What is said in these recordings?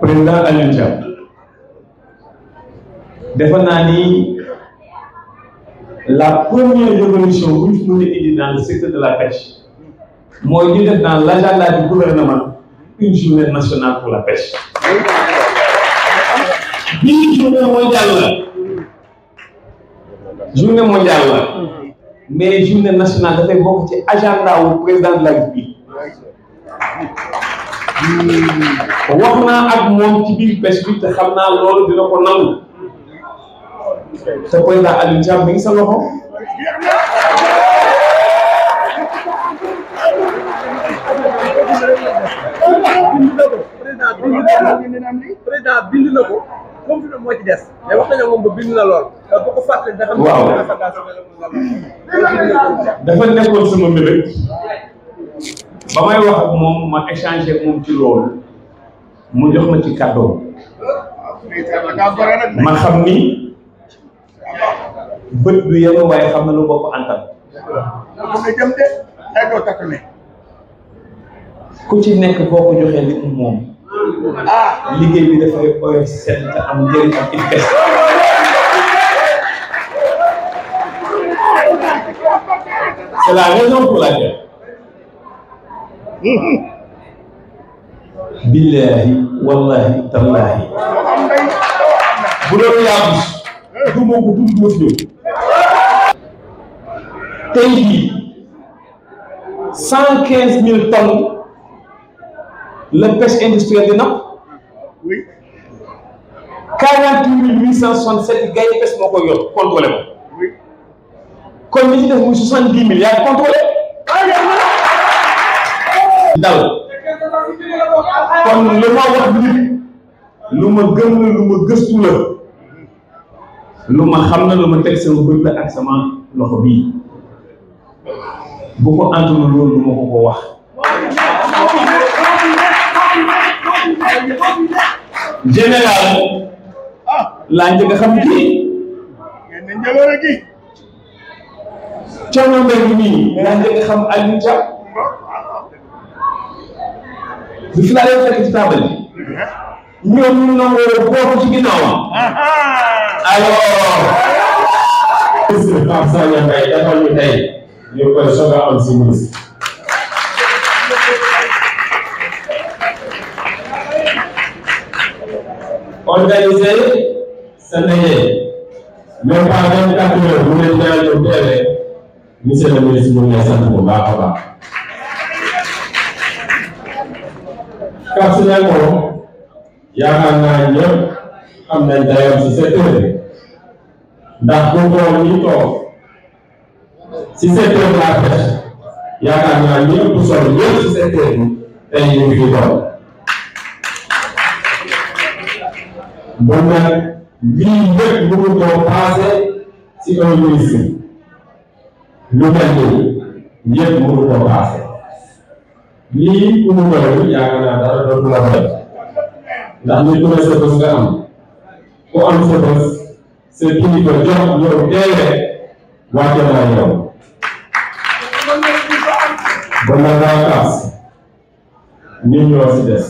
président Alioune devant la première révolution où je est dans le secteur de la pêche Moi, je dis dans l'agenda du gouvernement une journée nationale pour la pêche Une journée mondiale journée mondiale Mais mais journée nationale c'est bokk ci agenda au président de la République wax naa ak moom ci biir bés xam naa loolu dina ko nangu te président Aliou Thiam mi ngi sa loxo président bind na ko moom fi moo ci des mais wax nañu moom ba bind na lool bu dafa nekkoon sama mbir ba may wax ak moom ma échanger moom ci loolu mu jox ma ci kàddoom ma xam ni bët du yema waaye xam na lu bopp antal ku ci nekk boo ko joxee li moom liggéey bi dafay oyof set te am njëriñ ak it c'est la raison pour laquelle billaahi wallaahi tallaahi bu doon yaabus du moo ko dund dootu ñëw tey jii cent quinze mille tonnes la pêche industrielle di quarante mille huit cent soixante sept gars yi moo koy yor contrôlé ko kon ci def muy soixante dix milliards contrôlé ah, dal kon lu ma wax nit lu ma gëm lu ma gëstu lu ma xam na lu ma teg sama bët la ak sama loxo bii bu ko antunu loolu du ma ko ko wax général laa njëkk a xam kii ngeen gi nii laa njëkk a xam Aliou Dia bi fi laa leen fekk ci taabal yi ñoom ñu nangoo bokk ci ginnaawam alors ministre Pape Sagna Mbaye defal ñu tey ñu koy soog a am si ministre organisé sa ndaje même pas vingt quatre heures mu ne dinaa ñëw teewee monsieur le ministre ñu ngi lay sant bu baax a baax kaf si nay moom yaakaar naa ñëpp am nañ si secteur bi ndax bu bool si secteur de la pêche yaakaar naa ñëpp sol ñëpp si secteur bi tey ñu ngi lii lépp mënu koo passé si un ministre nii ñëpp mënu koo passé Ya, nah, ini ku yang akan yaakaar naa dara dootu la doy ndax nit ku ne sa bés nga am ku am sa bés sa kilifa jox yow teewe wàcce naa yow ba na vacances ñun ñoo si des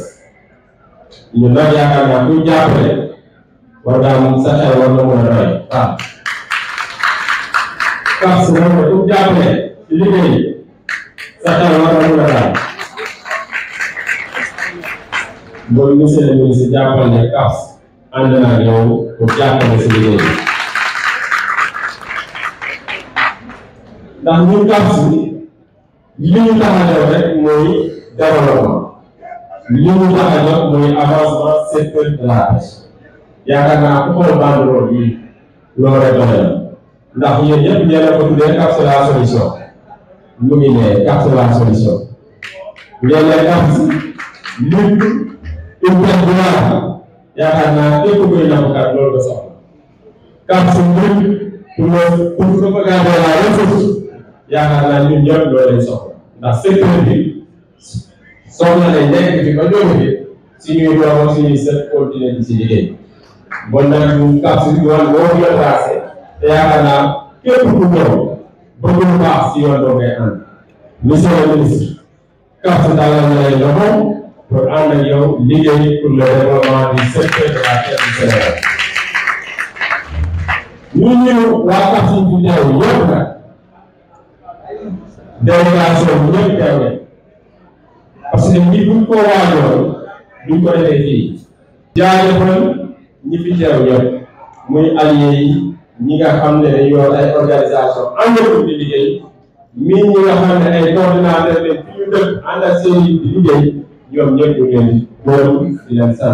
a mooy monsieur le ministre jàppal ne CAF ànd naa ak si liggéey bi ndax ñun CAF li ñu mooy développement li ñu mooy avancement secteur de la pêche naa ku xool banderole bi loolu rek doy ndax yéen ñëpp ñenn ko tuddee CAF c'est la mu ngi ne CAF c'est la solution uh, léeg-léeg une pexe bu laal yaakaar naa képp kuy nappkat loolu la soxla kàpp suñu mbir pour nga pour nga fa gàddaa laa ressource yaakaar naa ñun ñëpp loolu lañ soxla ndax secteur bi soxla lay nekk ci ba jógee suñuy doom suñuy sët continuer di ci liggéey bon nag ñun kàpp suñu wàll boobu la tracé te yaakaar naa képp ku ñëw bëgg lu baax si yoon boobu ngay ànd monsieur le ministre kàpp su tàllal na lay pour ànd yow liggéey pour le développement du secteur de la pêche du Sénégal. ñu ñëw waa Kaffrine bu teew yëpp nag délégation bi ñëpp teew nañ parce que ñi buñ ko waajoon duñ ko defee ñi fi teew ñëpp muy allié yi ñi nga xam ne dañu yor ay organisation engrais di liggéey mi ñi nga xam ne ay coordinateur lañ fi ñu dëkk ànd ak seen liggéey. ñoom ñëpp ñu ngi leen di gërëm di